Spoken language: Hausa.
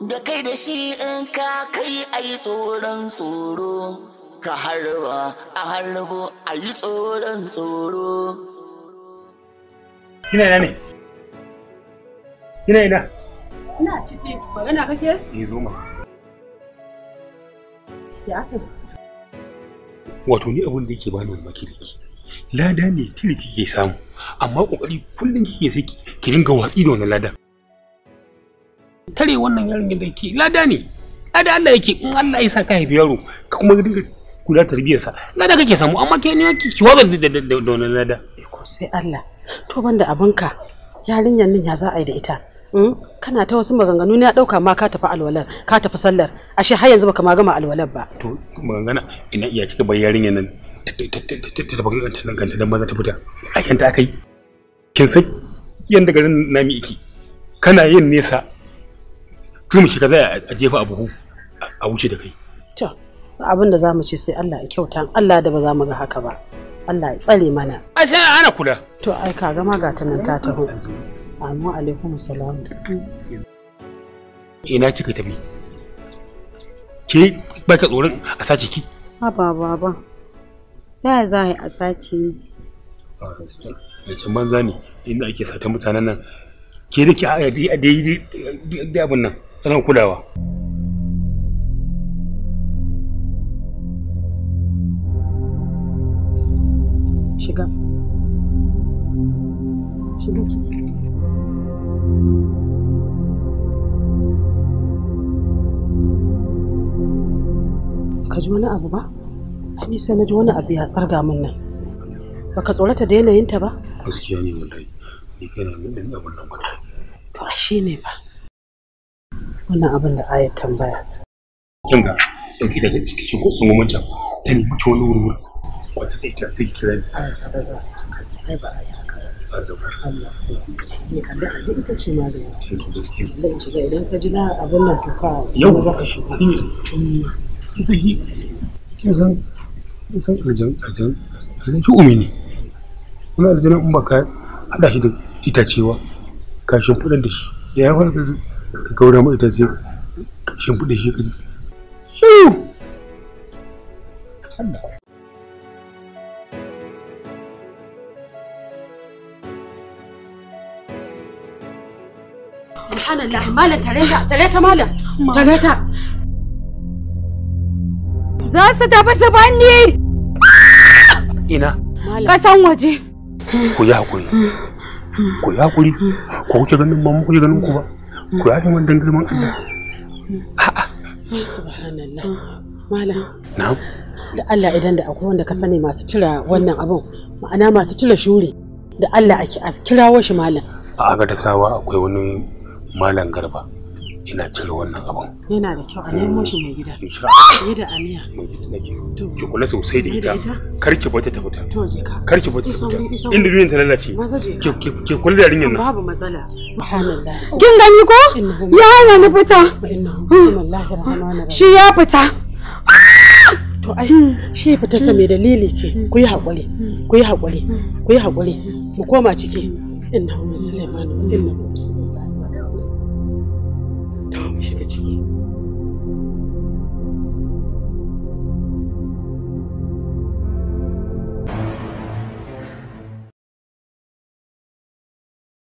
da kai da shi in ka kai a yi tsoron tsoro ka harba a harbo a yi tsoron tsoro kina ina ne kina ina ina ciki magana kake ne eh, zo ma ya aka wato ni abin da yake bani mamaki da ke lada ne kiriki ke samu amma kokari kullum kike saki, ki dinga watsi da wannan ladan tare wannan yaron da ke lada ne lada Allah yake in Allah ya sa haifi yaro ka kuma dinga kula sa lada kake samu amma ke ne ki waga da wannan lada ko sai Allah to banda abinka yarinyar nan ya za a yi da ita kana ta wasu maganganu ne ya dauka ma ka tafi alwalar ka tafi sallar ashe har yanzu baka ma gama alwalar ba to magana ina iya kika bar yarinyar nan ta tafi kanta nan kanta dan maza ta fita a ta akai kin san yanda garin nami iki kana yin nesa tun mu shiga zai a jefa abu a wuce da kai to abin da zamu ce sai Allah ya kyauta Allah da ba za mu ga haka ba Allah ya tsare mana a sai ana kula to ai ka ga ga ta nan ta taho amma alaikum salam ina kika tafi ke ba ka tsoron a sace ki ha ba ba ba ta za a sace ni da banza ne inda ake sata mutanen nan ke da ke a daidai abin nan tsaron kulawa shiga shiga ciki ka ji wani abu ba ni sai na ji wani abu ya tsarga min nan ka tsorata da yanayinta ba gaskiya ne wallahi ni kana min din abun nan ba to ashe ne ba wannan abin da ayat tambaya kin ga dauki daga cikin ko sun mun ta nemi mutu wani wuri wata ta ta kira ai ba ai haka ne kan da ita ce ma da Allah idan ka ji na abin nan to fa yau ba ka shiga hmm. Hmm. kisa ki kin san kin san aljan aljan aljan shi umini kuma aljan in baka hada shi da itacewa kashin fudan da shi ya yi wani ka gaura mu itace shin buɗe shi kaji shiru subhanallah malam tare ta malam tare za su tafi su banni ina kasan waje ku yi haƙuri. ku yi haƙuri. Ku kuke ganin mamu kuke ganin ku ba ku yafe min dan girman Allah a'a subhanallah malam na'am da Allah idan da akwai wanda ka sani masu cira wannan abun ma'ana masu cira shuri da Allah a kirawo shi malam a aga da sawa akwai wani malam garba ina cire wannan abin yana da kyau a nemo shi mai gida yi da aniya ki kula sosai da ita kar ki bata ta fita To je ka. kar ki bata ta fita inda biyan ta lalace ki ki kula da yarinyar nan babu matsala kin gani ko ya hana ni fita hmm. shi ya fita to ai shi fita sa mai dalili ce hmm. ku yi hakuri hmm. ku yi hakuri ku yi hakuri mu koma ciki inna Sulaiman. inna Sulaiman. 们学个的，姐。